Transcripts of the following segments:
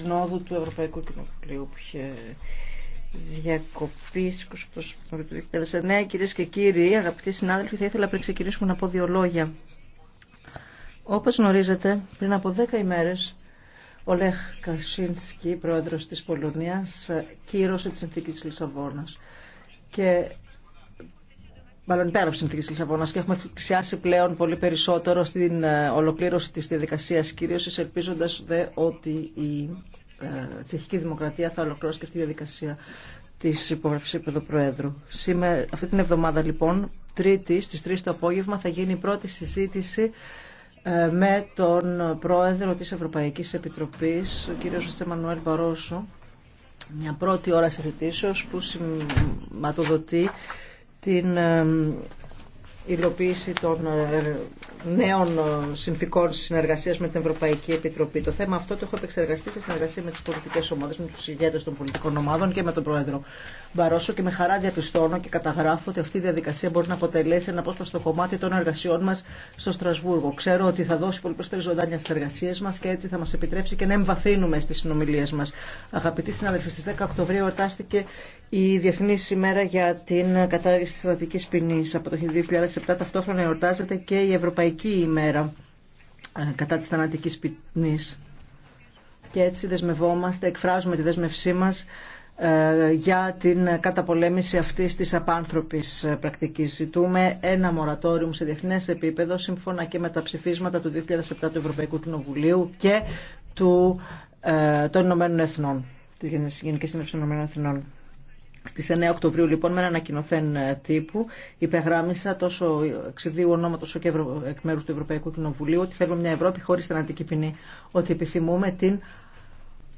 Συνόδου του Ευρωπαϊκού Κοινοβουλίου που είχε διακοπή 28 του 2009. Κυρίες και κύριοι, αγαπητοί συνάδελφοι, θα ήθελα πριν ξεκινήσουμε να πω δύο λόγια. Όπως γνωρίζετε, πριν από δέκα ημέρες, ο Λέχ Κασίνσκι, πρόεδρος της Πολωνίας, κύρωσε τη συνθήκη της Λισαβόνας. Και μάλλον πέρα από συνθήκε Λισαβόνα και έχουμε πλησιάσει πλέον πολύ περισσότερο στην ε, ολοκλήρωση τη διαδικασία κυρίωση, ελπίζοντα ότι η ε, τσεχική δημοκρατία θα ολοκληρώσει και αυτή τη διαδικασία τη υπογραφή επίπεδο Προέδρου. Σήμερα, αυτή την εβδομάδα λοιπόν, Τρίτη στις 3 το απόγευμα θα γίνει η πρώτη συζήτηση ε, με τον πρόεδρο της Ευρωπαϊκής Επιτροπής, ο κύριος Ζωστέ Μανουέλ Μπαρόσο. Μια πρώτη ώρα συζητήσεως που σηματοδοτεί την ε, υλοποίηση των ε, νέων ε, συνθήκων συνεργασία με την Ευρωπαϊκή Επιτροπή. Το θέμα αυτό το έχω επεξεργαστεί σε συνεργασία με τι πολιτικέ ομάδε, με του ηγέτε των πολιτικών ομάδων και με τον Πρόεδρο Μπαρόσο και με χαρά διαπιστώνω και καταγράφω ότι αυτή η διαδικασία μπορεί να αποτελέσει ένα απόσπαστο κομμάτι των εργασιών μα στο Στρασβούργο. Ξέρω ότι θα δώσει πολύ περισσότερη ζωντάνια στι εργασίε μα και έτσι θα μα επιτρέψει και να εμβαθύνουμε στι συνομιλίε μα. Αγαπητοί συναδελφοί, στι 10 Οκτωβρίου εορτάστηκε η Διεθνή ημέρα για την κατάργηση τη στρατική ποινή από το 2000 ταυτόχρονα εορτάζεται και η Ευρωπαϊκή ημέρα ε, κατά της θανατικής ποινής. Και έτσι δεσμευόμαστε, εκφράζουμε τη δέσμευσή μας ε, για την καταπολέμηση αυτής της απάνθρωπης πρακτικής. Ζητούμε ένα μορατόριο σε διεθνές επίπεδο σύμφωνα και με τα ψηφίσματα του 2007 του Ευρωπαϊκού Κοινοβουλίου και του, ε, των Ηνωμένων Εθνών, της Γενικής Συνέψης των Ηνωμένων Εθνών. Στις 9 Οκτωβρίου λοιπόν με ένα κοινοφέν ε, τύπου υπεγράμισα τόσο εξειδίου ονόματος και εκ μέρους του Ευρωπαϊκού Κοινοβουλίου ότι θέλουμε μια Ευρώπη χωρίς θανατική ποινή, ότι επιθυμούμε την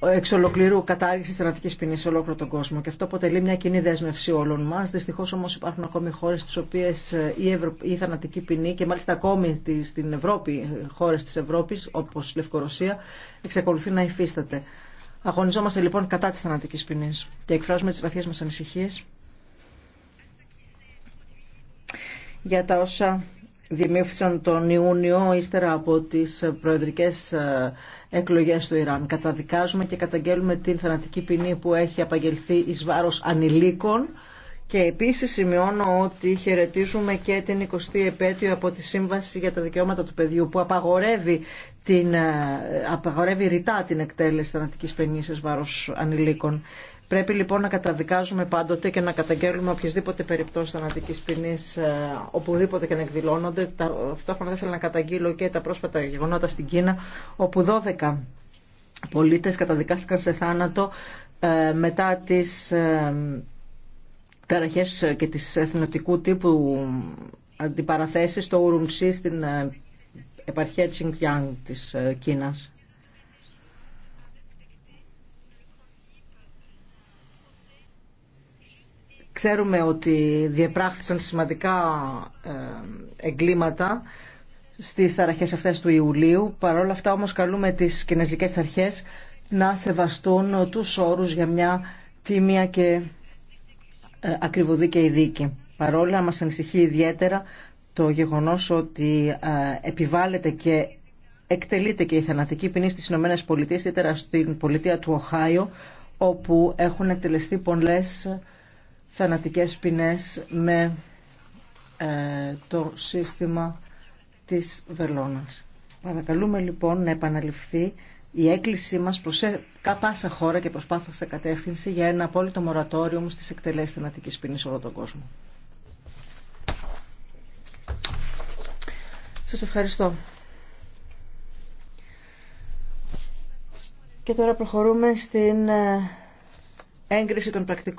εξ ολοκλήρου κατάργηση θανατική ποινή σε ολόκληρο τον κόσμο. Και αυτό αποτελεί μια κοινή δέσμευση όλων μα. Δυστυχώ όμω υπάρχουν ακόμη χώρε στι οποίε ε, η, Ευρω... η θανατική ποινή και μάλιστα ακόμη στην Ευρώπη, ε, χώρε τη Ευρώπη όπω η Λευκορωσία, εξακολουθεί να υφίσταται. Αγωνιζόμαστε λοιπόν κατά της θανατικής ποινή και εκφράζουμε τις βαθίε μας ανησυχίες για τα όσα δημιούργησαν τον Ιούνιο ύστερα από τις προεδρικές ε, εκλογές στο Ιράν. Καταδικάζουμε και καταγγέλουμε την θανατική ποινή που έχει απαγγελθεί ει βάρο ανηλίκων και επίσης σημειώνω ότι χαιρετίζουμε και την 20η επέτειο από τη Σύμβαση για τα Δικαιώματα του Παιδιού που απαγορεύει, την, ε, απαγορεύει ρητά την εκτέλεση θανατικής σε βάρος ανηλίκων. Πρέπει λοιπόν να καταδικάζουμε πάντοτε και να καταγγέλουμε οποιασδήποτε περιπτώσει θανατική ποινή ε, οπουδήποτε και να εκδηλώνονται. Αυτό δεν ήθελα να καταγγείλω και τα πρόσφατα γεγονότα στην Κίνα, όπου 12 πολίτε καταδικάστηκαν σε θάνατο ε, μετά τις ταραχές και της εθνοτικού τύπου αντιπαραθέσεις στο Ουρουμψί στην ε, επαρχία Τσινγκιάνγκ της ε, Κίνας. Ξέρουμε ότι διεπράχθησαν σημαντικά ε, εγκλήματα στις ταραχές αυτές του Ιουλίου. Παρ' όλα αυτά όμως καλούμε τις κινέζικες αρχές να σεβαστούν τους όρους για μια τίμια και ε, η δίκη. Παρόλα μας ανησυχεί ιδιαίτερα το γεγονός ότι ε, επιβάλλεται και εκτελείται και η θανατική ποινή στις Ηνωμένες Πολιτείες, ιδιαίτερα στην πολιτεία του Οχάιο, όπου έχουν εκτελεστεί πολλές θανατικές ποινές με ε, το σύστημα της βελόνας. Παρακαλούμε λοιπόν να επαναληφθεί η έκκλησή μας προ ε- πάσα χώρα και προσπάθησε κατεύθυνση για ένα απόλυτο μορατόριο στις εκτελέσει θενατικής ποινή σε όλο τον κόσμο. Σας ευχαριστώ. Και τώρα προχωρούμε στην ε, έγκριση των πρακτικών.